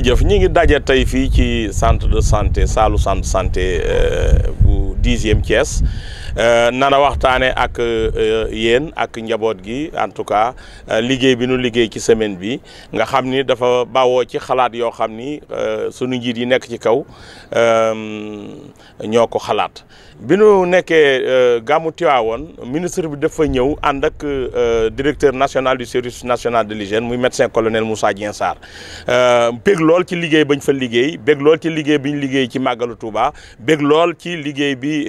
jërëjëf ñi ngi daje tey fii ci centre de santé saalu centre santé euh, bu dixième Thiès Euh, nana waxtaane ak euh, yéen ak njaboot gi en tout cas euh, liggéey bi nu liggéey ci semaine bi nga xam ni dafa bawoo ci xalaat yoo xam ni sunu njiit yi nekk ci kaw ñoo ko xalaat bi nu nekkee gàmmu Tiwaawoon ministre bi dafa ñëw ànd ak directeur national du service national de l'hygiène muy médecin colonel Moussa Dieng Sarr bég lool ci liggéey bañ fa liggéey bég lool ci liggéey bi ñu liggéey ci màggalu Touba bég lool ci liggéey bi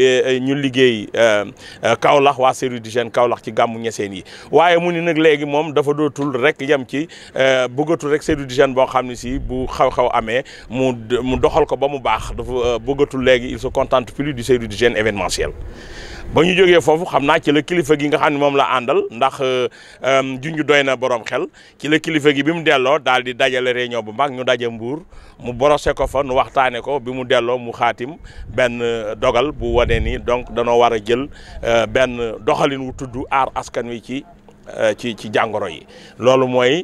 ñu liggéey Euh, euh, Kaolack waa service d'hygiène Kaolack ci gàmmu ñeseen yi waaye mu ni nag léegi moom dafa dootul rek yem ci euh, bëggatul rek service d'hygiène boo xam ne si bu xaw-xaw amee mu mu doxal ko ba mu baax dafa bëggatul léegi il se contente plus du service d'hygiène événementiel ba ñu jógee foofu xam naa ci la kilifa gi nga xam ne moom la àndal ndax euh, euh, junj doy na borom xel ci la kilifa gi bi mu delloo daal di dajale réunion bu mag ñu daje Mbuur mu borose ko fa nu waxtaane ko bi mu delloo mu xaatim benn euh, dogal bu wane ni donc danoo war a jël benn doxalin wu tudd aar askan wi ci ci ci jàngoro yi loolu mooy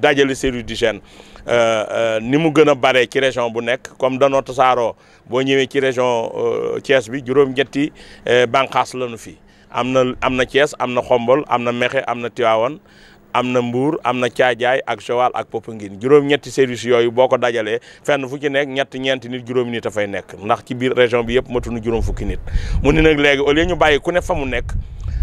dajale service d'hygiène Euh, euh, ni mu gën a bare ci région bu nekk comme danoo saaro boo ñëwee ci région euh, Thiès bi juróom-ñetti bànqaas lañu fi am na am na Thiès am na Xombol am na Mexe am na Tivaouane am na Mbour am na Caajaay ak Joal ak Popenguine juróom-ñetti service yooyu boo ko dajalee fenn fu ci nekk ñett ñeenti nit juróomi nit a fay nekk ndax ci biir région bi yëpp matunu juróom fukki nit mu ni nag léegi au ñu bàyyi ku ne fa mu nekk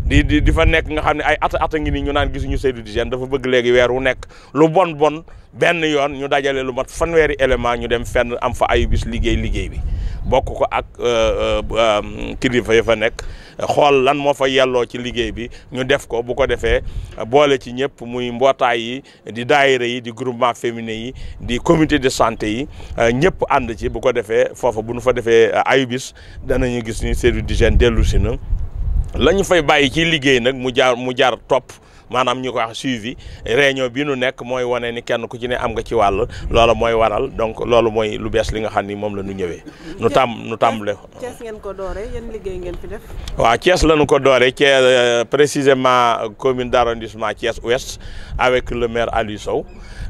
di di di fa nekk nga xam ne ay ata ata ngi nii ñu naan gisuñu cellule d'hygiène dafa bëgg léegi weer wu nekk lu bon bon benn yoon ñu dajale lu mat fanweeri élément ñu dem fenn am fa ayu bis liggéey liggéey bi bokk ko ak euh, euh, kilifa ya fa nekk xool lan moo fa yelloo ci liggéey bi ñu def ko bu ko defee boole ci ñëpp muy mbootaay yi di daayira yi di groupement féminin yi di comité de santé yi euh, ñëpp ànd ci bu ko defee foofa bu nu fa defee ayubis danañu gis ni cellule d'hygiène dellu si la ñu fay bàyyi ci liggéey nag mu jaar mu jaar topp maanaam ñu ko wax suivi réunion bi nu nekk mooy wane ni kenn ku ci ne am nga ci wàll loola mooy waral donc loolu mooy lu bees li nga xam ni moom la ñu ñëwee. nu tàmm nu tàmbale. Cees ko dooree yan Cees la ñu ko dooree Cees euh, précisément commune d' arrondissement Cees ouest avec le maire Aliou Sow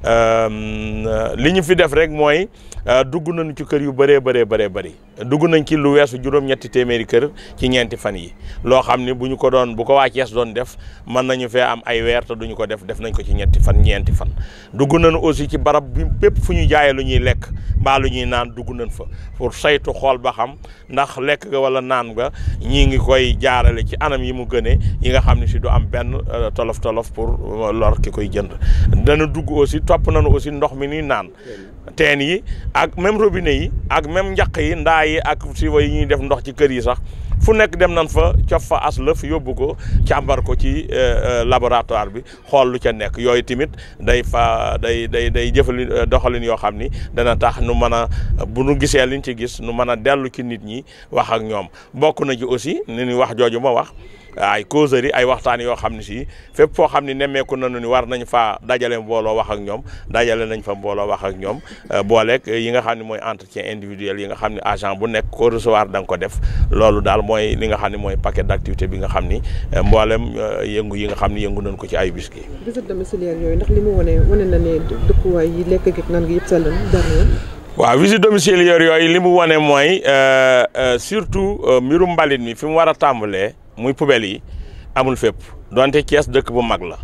euh, euh, li ñu fi def rek mooy. Euh, dugg nañu ci kër yu bëree bëree bëree bëri dugg nañ ci lu weesu juróom-ñetti téeméeri kër ci ñeenti fan yi loo xam ne bu ñu ko doon bu ko waa Cees doon def mën nañu fee am ay weer duñu ko def def nañ ko ci ñetti fan ñeenti fan dugg nañu aussi ci barab bi bépp fu ñu jaayee lu ñuy lekk mbaalu ñuy naan dugg nañ fa pour saytu xool ba xam ndax lekk ga wala naan ga ñii ngi koy jaarale ci anam yi mu gënee yi nga xam ne si du am benn euh, tolof tolof pour euh, lor ki koy jënd dana dugg aussi topp nañu aussi ndox mi ni naan teen yi ak même robine yi ak même njaq yi ndaa yi ak siwa yi ñuy def ndox ci kër yi sax fu nekk dem nan fa cof fa as yóbbu ko càmbar ko ci eh, eh, laboratoire bi xool lu ca nekk yooyu tamit day fa day day day jëfali eh, doxalin yoo xam ni dana tax nu mën a bu nu gisee liñ ci gis nu mën a dellu ci nit ñi wax ak ñoom bokk na ci aussi ni ñu wax jooju ma wax ay causeries ay waxtaan yoo xam ne si fépp foo xam ne nemmeeku nañu ni war nañu faa dajale mbooloo wax ak ñoom dajale nañ fa mbooloo wax ak ñoom euh, booleeg yi nga xam ne mooy entretien individuel yi nga xam ne agent bu nekk ko recevoir da nga ko def loolu daal mooy li nga xam ne mooy paquet d'activité bi nga xam ni euh, mboolem euh, yëngu yi nga xam ni yëngu nañ ko ci ay bis gi. visite domiciliaire yooyu ndax li mu wane wane na yi lekk gi naan gi yëpp sell na waaw visite domiciliaire yooyu li mu wane mooy surtout mbirum mbalit mi fi mu war a tàmbalee. muy poubelles yi amul fépp donte Thiès dëkk bu mag la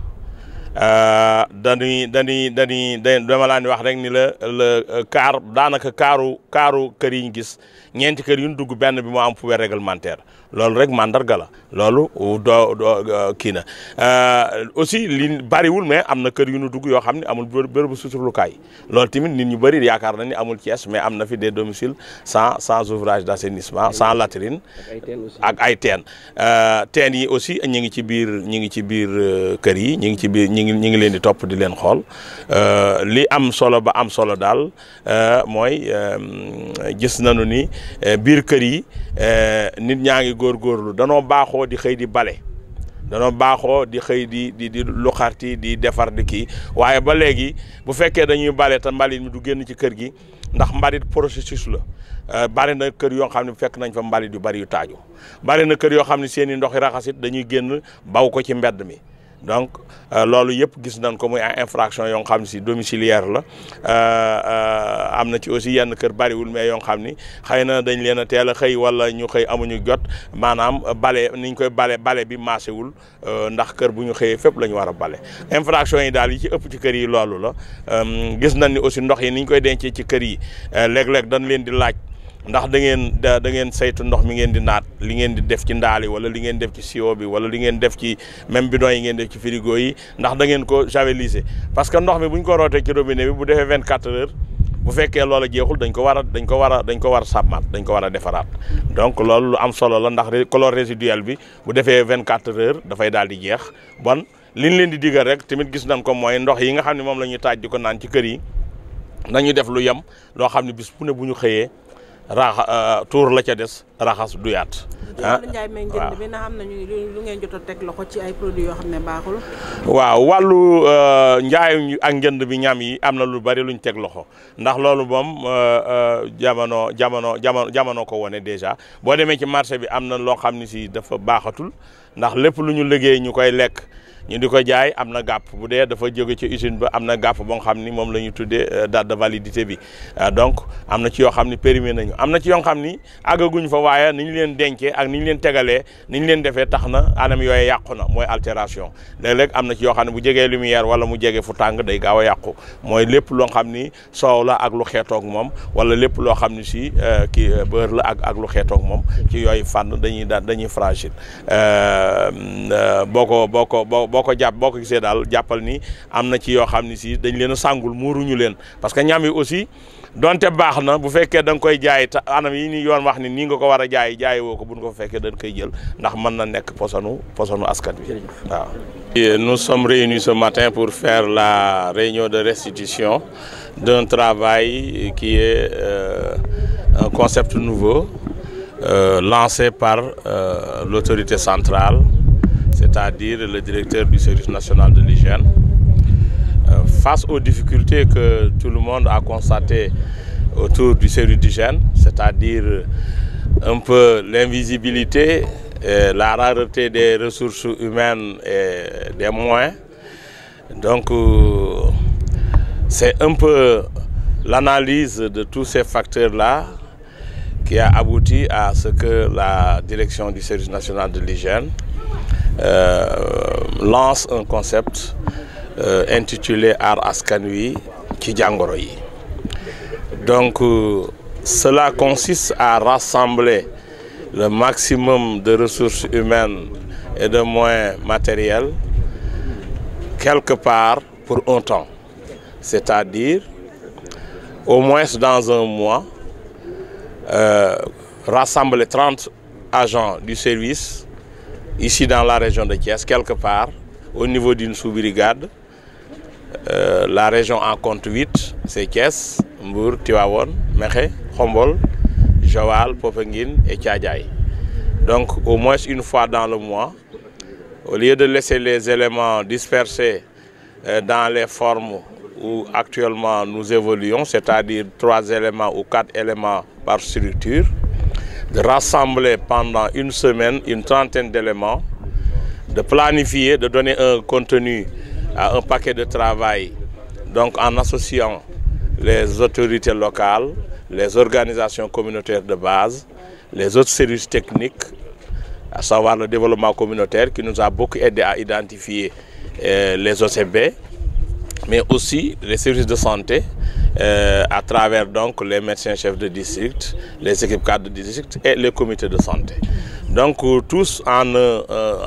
euh, dañuy dañuy dañuy dama laan wax rek ni la la euh, kaar daanaka kaaru kaaru kër yi ñu gis ñeenti kër yu ñu dugg benn bi moo am poubelle réglementaire loolu rek màndarga la loolu doo doo kii na euh, aussi lii bariwul mais am na kër yu nu dugg yoo xam ne amul bërëbu suturlukaay lool tamit nit ñu bëri yaakaar na ni amul Thiès mais am na fi des domiciles sans sans ouvrage d' assainissement sans latrine ak ay teen euh, teen yi aussi ñu ngi ci biir ñi ngi ci biir euh, kër yi ñu ngi ci biir ñu ngi ñi ngi leen di topp di leen xool li am solo ba am solo daal mooy gis nanu ni biir kër yi nit ñaa ngi góorgóorlu danoo baaxoo di xëy di bale danoo baaxoo di xëy di di di luxarti di defar di kii waaye ba léegi bu fekkee dañuy bale te mbalit mi du génn ci kër gi ndax mbalit processus la euh, bari na kër yoo xam ne fekk nañ fa mbalit yu bari yu taaju bari na kër yoo xam ne seen i ndox yi raxasit dañuy génn baw ko ci mbedd mi donc euh, loolu yëpp gis nañ ko muy ay infraction yoo xam ne si domiciliaire la euh, euh, am na ci aussi yenn kër bariwul mais yon xam ni xëy na dañ leen a teel a xëy wala ñu xëy amuñu jot maanaam bale niñ koy bale bale bi maasewul ndax kër bu ñu xëyee fépp la ñu war a bale infraction yi daal yi ci ëpp ci kër yi loolu la gis na ni aussi ndox yi niñ koy dencee ci kër yi léeg-léeg dañ leen di laaj ndax da ngeen da ngeen ndox mi ngeen di naat li ngeen di def ci ndaali yi wala li ngeen def ci sio bi wala li ngeen def ci même bidon yi ngeen def ci frigo yi ndax da ngeen ko javelisé parce que ndox mi bu ñu ko rootee ci robine bi bu defee vingt quatre heures bu fekkee loola jeexul dañ ko a dañ ko war a dañ ko war a sàmmaat dañ ko war a defaraat donc loolu lu am solo la ndax color résiduel bi bu defee vingt quatre heures dafay daal di jeex bon li ñu leen di digal rek tamit gis nañ ko mooy ndox yi nga xam ne moom la ñuy taaj di ko naan ci kër yi nañu def lu yem loo xam ne bis bu ne bu ñu xëyee raaxa euh, tuur la ca des raxas duyaat. ah waaw bi na teg loxo ci xam ne baaxul. waaw wàllu euh, njaay ak njënd bi ñam yi am na lu bari luñ teg loxo ndax loolu moom euh, jamono jamono jamono jamono ko wone déjà boo demee ci marché bi am na loo xam ne si dafa baaxatul ndax lépp lu ñu liggéey ñu koy lekk. ñu di ko jaay am na gàpp bu dee dafa jóge ci usine ba am na gàpp ba nga xam ni moom la ñu tuddee euh, date de validité bi euh, donc am na ci yoo xam ni périmé nañu am na ci yoo xam ni àggaguñ fa waaye ni ñu leen dencee ak ni ñu leen tegalee ni ñu leen defee tax na anam yooyu yàqu na mooy altération léeg-léeg am na ci yoo xam ne bu jegee lumière wala mu jegee fu tàng day gaaw yàqu mooy lépp loo xam ni soow la ak lu xeetoog moom wala lépp loo xam ni si euh, kii bër la ak ak lu xeetoog moom ci yooyu fànn dañuy dañuy fragile boo ko boo ko boo ko jàpp boo ko gisee daal jàppal ni am na ci yoo xam ne si dañ leen a sàngul muuruñu leen parce que ñam yi aussi donte baax na bu fekkee danga koy jaay ta anam yi ni yoon wax ni nii nga ko war a jaay jaay woo ko buñ ko fekkee dañ koy jël ndax mën na nekk posonu posonu askan bi waaw nous sommes réunis ce matin pour faire la réunion de restitution d'un travail qui est euh, un concept nouveau euh, lancé par euh, l'autorité centrale c'est-à-dire le directeur du service national de l'hygiène. Euh, face aux difficultés que tout le monde a constatées autour du service d'hygiène, c'est-à-dire un peu l'invisibilité, la rareté des ressources humaines et des moyens. Donc euh, c'est un peu l'analyse de tous ces facteurs-là qui a abouti à ce que la direction du service national de l'hygiène Euh, lance un concept euh, intitulé Aar Askan Wi ci jàngoro yi donc euh, cela consiste à rassembler le maximum de ressources humaines et de moyens matériels quelque part pour un temps c'est-à-dire au moins dans un mois euh, rassembler 30 agents du service ici dans la région de Thiès, quelque part, au niveau d'une sous-brigade. Euh, la région en compte 8, c'est Thiès, Mbour, Tiwawon, Mekhe, Khombol, Joal, Popengine et Tchadjaï. Donc au moins une fois dans le mois, au lieu de laisser les éléments dispersés euh, dans les formes où actuellement nous évoluons, c'est-à-dire trois éléments ou quatre éléments par structure, rassembler pendant une semaine une trentaine d'éléments, de planifier, de donner un contenu à un paquet de travail, donc en associant les autorités locales, les organisations communautaires de base, les autres services techniques, à savoir le développement communautaire qui nous a beaucoup aidé à identifier euh, les OCB, mais aussi les services de santé, euh, à travers donc les médecins chefs de district, les équipes cadres de district et les comités de santé. Donc euh, tous en, euh,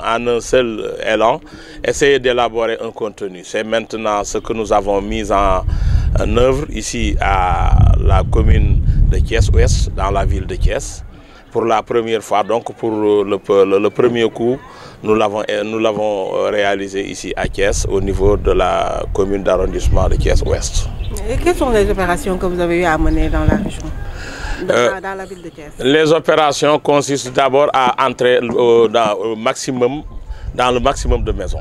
en un seul euh, élan, essayer d'élaborer un contenu. C'est maintenant ce que nous avons mis en, en œuvre ici à la commune de Thiès-Ouest, dans la ville de Thiès, pour la première fois, donc pour euh, le, le, le premier coup Nous l'avons, euh, nous l'avons euh, réalisé ici à Thiès, au niveau de la commune d'arrondissement de Thiès-Ouest. Et quelles les opérations que vous avez eu à mener dans la région euh, Les opérations consistent d'abord à entrer au maximum dans le maximum de maisons.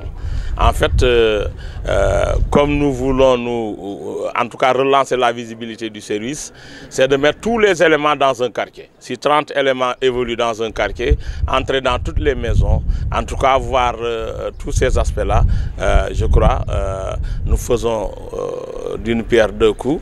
En fait, euh, euh, comme nous voulons, nous, euh, en tout cas, relancer la visibilité du service, c'est de mettre tous les éléments dans un quartier. Si 30 éléments évoluent dans un quartier, entrer dans toutes les maisons, en tout cas, voir euh, tous ces aspects-là, euh, je crois, euh, nous faisons d'une pierre deux coups.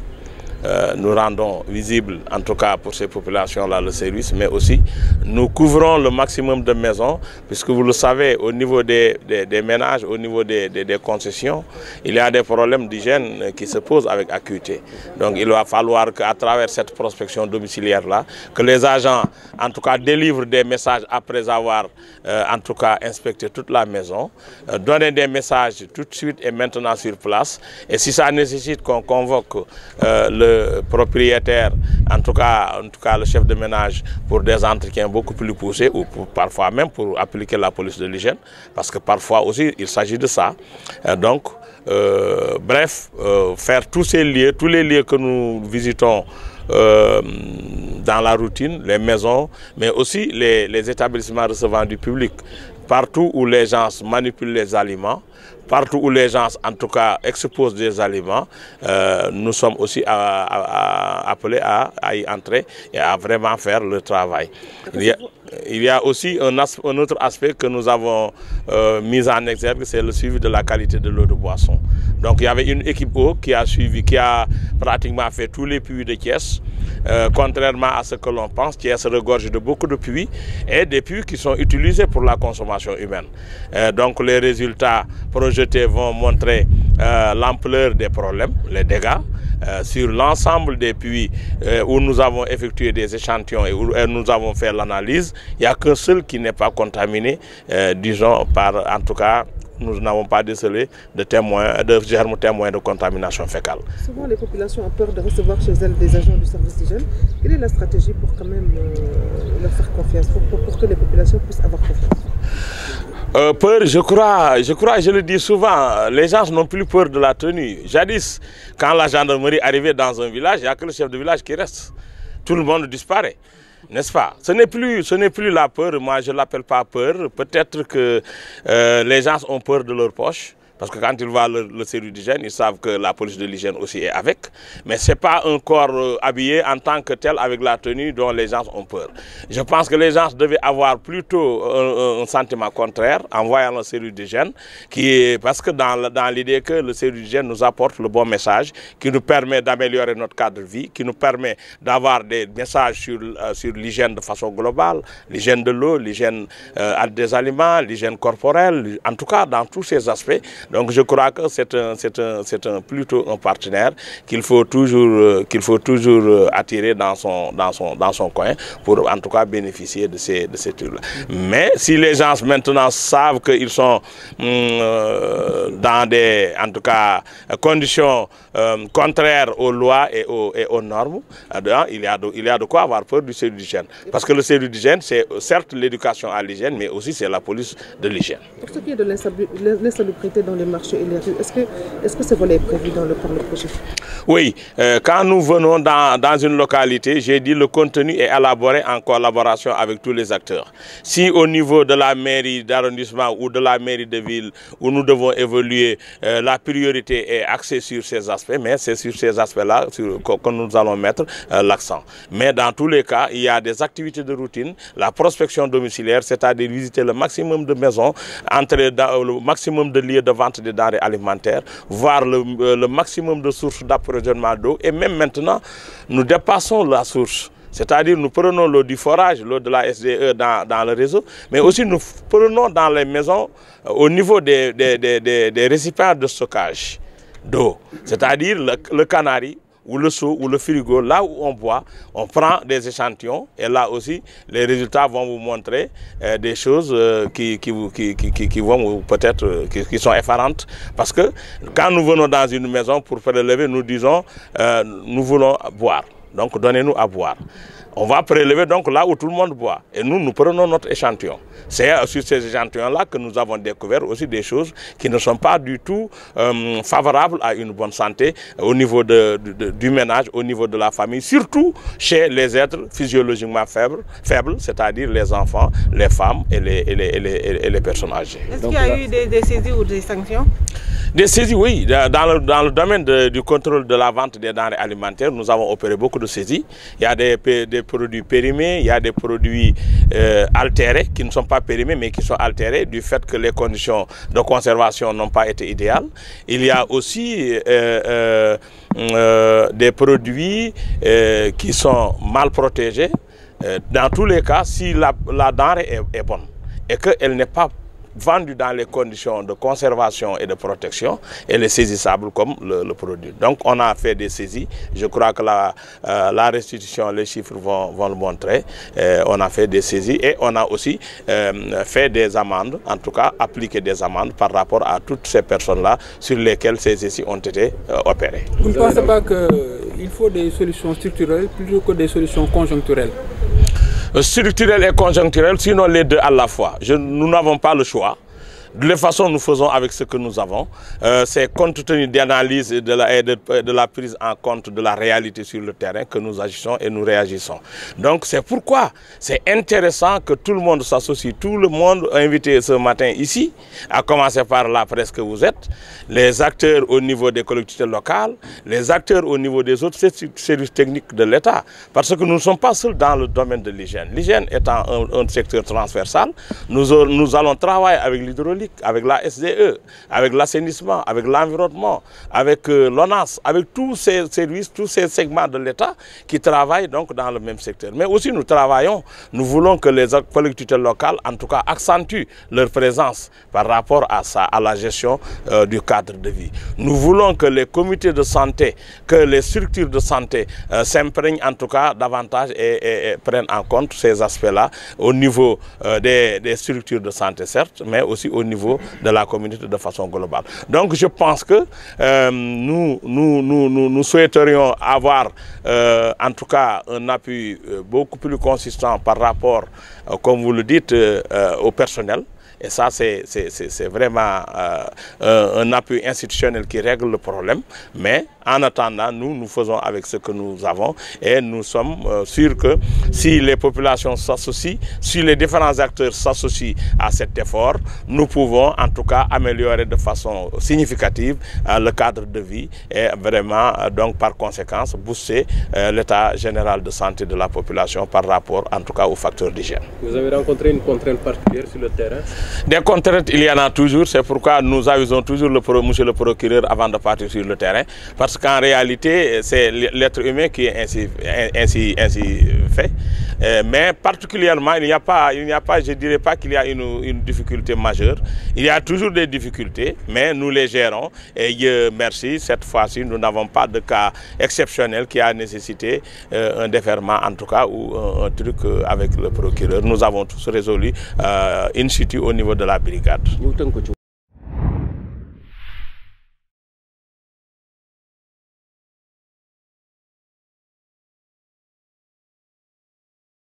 euh, nous rendons visible, en tout cas pour ces populations-là, le service, mais aussi nous couvrons le maximum de maisons, puisque vous le savez, au niveau des, des, des ménages, au niveau des, des, concessions, il y a des problèmes d'hygiène qui se posent avec acuité. Donc il va falloir qu'à travers cette prospection domiciliaire-là, que les agents, en tout cas, délivrent des messages après avoir, euh, en tout cas, inspecté toute la maison, euh, donner des messages tout de suite et maintenant sur place. Et si nécessite qu'on convoque euh, le propriétaire, en tout cas, en tout cas le chef de ménage, pour des entretiens beaucoup plus poussés ou pour, parfois même pour appliquer la police de l'hygiène, parce que parfois aussi il s'agit de ça. Euh, donc, euh, bref, euh, faire tous ces les lieux que nous visitons euh, dans la routine, les maisons, mais aussi les, les établissements recevant du public. partout où les gens manipulent les aliments, partout où les gens, en tout cas, exposent des aliments, euh, nous sommes aussi à, à, à appelés à, y entrer et à vraiment faire le travail. Il y a, aussi un, as, un, autre aspect que nous avons euh, mis en exergue, c'est le suivi de la qualité de l'eau de boisson. Donc il y avait une équipe eau qui a pratiquement fait tous les puits de caisse euh, contrairement à ce que l'on pense, Thiès regorge de beaucoup de puits et des puits qui sont utilisés pour la consommation humaine. Euh, donc les résultats projetés vont montrer euh, l'ampleur des problèmes, les dégâts. Euh, sur l'ensemble des puits euh, où nous avons effectué des échantillons et où et nous avons fait l'analyse, il n'y a qu'un seul qui n'est pas contaminé, euh, disons, par en tout cas nous n'avons pas décelé de témoins, de germes témoins de contamination fécale. Souvent, les populations ont peur de recevoir chez elles des agents du service d'hygiène. Quelle est la stratégie pour quand même euh, leur faire confiance, pour, pour, pour, que les populations puissent avoir confiance euh, peur, je crois, je crois, je le dis souvent, les gens n'ont plus peur de la tenue. Jadis, quand la gendarmerie arrivait dans un village, il n'y a que le chef de village qui reste. Tout le monde disparaît. n'est-ce pas Ce n'est plus, ce n'est plus la peur, moi je ne l'appelle pas peur. Peut-être que euh, les gens ont peur de leur poche. Parce que quand ils le, le service d'hygiène, que la police de l'hygiène aussi est avec. Mais ce n'est pas un corps euh, habillé en tant que tel avec la tenue dont les gens peur. Je pense que les gens devaient avoir plutôt un, un sentiment contraire en voyant le service qui parce que dans, dans l'idée que le service d'hygiène nous apporte le bon message, qui nous permet d'améliorer notre cadre de vie, qui nous permet d'avoir des messages sur, euh, sur l'hygiène de façon globale, l'hygiène de l'eau, l'hygiène euh, des aliments, l'hygiène corporelle, en tout cas dans tous ces Donc je crois que c'est un, c'est un, c'est un, plutôt un partenaire qu'il faut toujours, euh, qu'il faut toujours euh, attirer dans son, dans, son, dans coin pour en tout cas bénéficier de ces, de ces trucs-là. Mais si les gens maintenant savent qu'ils sont euh, dans des en tout cas, conditions euh, contraires aux lois et aux, et aux normes, eh alors, il, y a de, quoi avoir peur du cellule d'hygiène. Parce que le cellule d'hygiène, c'est certes l'éducation à l'hygiène, mais aussi c'est la police de l'hygiène. les marchés et les rues. Est-ce euh, nous venons dans, une localité, j'ai dit le contenu est élaboré en collaboration avec tous les acteurs. Si au niveau de la mairie d'arrondissement ou de la mairie de ville où nous devons évoluer, euh, la priorité est axée sur ces aspects, mais c'est sur ces aspects-là que, que, nous allons mettre euh, l'accent. Mais dans tous les cas, il y a des activités de routine, la prospection domiciliaire, c'est-à-dire visiter le maximum de maisons, entrer le maximum de lieux vente des denrées alimentaires, voir le, euh, le maximum de sources d'approvisionnement d'eau. Et même maintenant, nous dépassons la source. C'est-à-dire nous prenons l'eau du forage, l'eau de la SDE dans, le réseau, mais aussi nous prenons dans les maisons euh, au niveau des, des, des, des, récipients de stockage d'eau. C'est-à-dire le, le ou le seau ou le frigo, là on boit, on prend des échantillons et là aussi, les résultats vont vous montrer euh, des choses euh, qui, qui, vous, qui, qui, qui, vont peut-être euh, qui, qui, sont effarantes. Parce que quand nous venons dans une maison pour faire le lever, nous disons, euh, nous voulons boire. Donc donnez-nous à boire. On va prélever donc là où tout le monde boit. Et nous, nous prenons notre échantillon. C'est euh, sur ces échantillons-là que nous avons découvert aussi des choses qui ne sont pas du tout euh, favorables à une bonne santé euh, au niveau de, du ménage, au niveau de la famille, surtout chez les êtres physiologiquement faibles, faibles c'est-à-dire les enfants, les femmes et les, et les, les, et personnes âgées. des, saisies ou des sanctions Des saisies, oui. Dans le, dans le domaine de, du contrôle de la vente des denrées alimentaires, nous avons opéré beaucoup de saisies. Il y a des, des produits périmés, il y a des produits euh, altérés, qui ne sont pas périmés, mais du fait que les conditions de conservation n'ont pas été idéales. Il y a aussi euh, euh, euh des produits euh, qui sont mal protégés. Euh, dans tous les cas, si la, la denrée est, est bonne et qu'elle n'est pas vendu dans les conditions de conservation et de protection, elle est saisissable comme le, le produit. Donc on a fait des saisies. Je crois que la, euh, la restitution, les chiffres vont, vont le montrer. Euh, on a fait des saisies et on a aussi euh, fait des amendes, en tout cas appliqué des amendes par rapport à toutes ces personnes-là sur lesquelles ces saisies ont été euh, opérées. Vous ne pensez pas qu'il faut des solutions structurelles plutôt des solutions conjoncturelles Euh, structurelles et conjoncturelles, sinon les deux à la fois. Je, nous n'avons pas le choix. De toute façon, nous faisons avec ce que nous avons. Euh, c'est compte d'analyse de la, prise en compte de la réalité sur le terrain que nous agissons et nous réagissons. Donc c'est pourquoi c'est intéressant que tout le monde s'associe, tout le monde invité ce matin ici, à commencer par la presse que vous êtes, les acteurs au niveau des collectivités locales, les acteurs au niveau des autres services techniques de l'État, parce que nous ne sommes pas seuls dans le domaine de l'hygiène. L'hygiène étant un, un, publique, avec la SDE, avec l'assainissement, avec l'environnement, avec euh, l'ONAS, avec tous ces services, tous ces segments de l'État qui travaillent donc dans le même secteur. Mais aussi nous travaillons, nous voulons que les collectivités locales, en tout cas, accentuent leur présence par rapport à ça, à la gestion euh, du cadre de vie. Nous voulons que les comités de santé, que les structures de santé euh, s'imprègnent tout cas davantage et, et, et prennent en compte ces euh, certes, mais aussi niveau de la communauté de façon globale. Donc je pense que euh, nous, nous, nous, nous, souhaiterions avoir euh, en tout cas un appui euh, beaucoup plus consistant par rapport, euh, comme vous le dites, euh, euh, au personnel. Et ça, c'est vraiment euh, un appui institutionnel qui règle le problème. En attendant, nous, nous faisons avec ce que nous avons et nous sommes euh, si les populations s'associent, si les différents acteurs s'associent à cet effort, nous pouvons en tout cas améliorer de façon significative euh, le cadre de vie et vraiment, euh, donc par conséquence, booster euh, l'état général de santé de la population par rapport en tout cas aux facteurs d'hygiène. Vous avez rencontré une contrainte particulière sur le terrain Des contraintes, il y en a toujours. C'est pourquoi nous avisons toujours le, monsieur parce qu'en réalité, c'est l'être humain qui est ainsi, ainsi, ainsi fait. Euh, mais particulièrement, il n'y a pas, il n'y je dirais pas qu'il y a une, une, difficulté majeure. Il y a toujours des difficultés, mais nous les gérons. Et Dieu merci, cette fois-ci, nous n'avons pas de cas exceptionnel qui a nécessité euh, un déferment, en tout cas, ou un, truc euh, avec le procureur. Nous avons tous résolu euh, in situ au niveau de la brigade.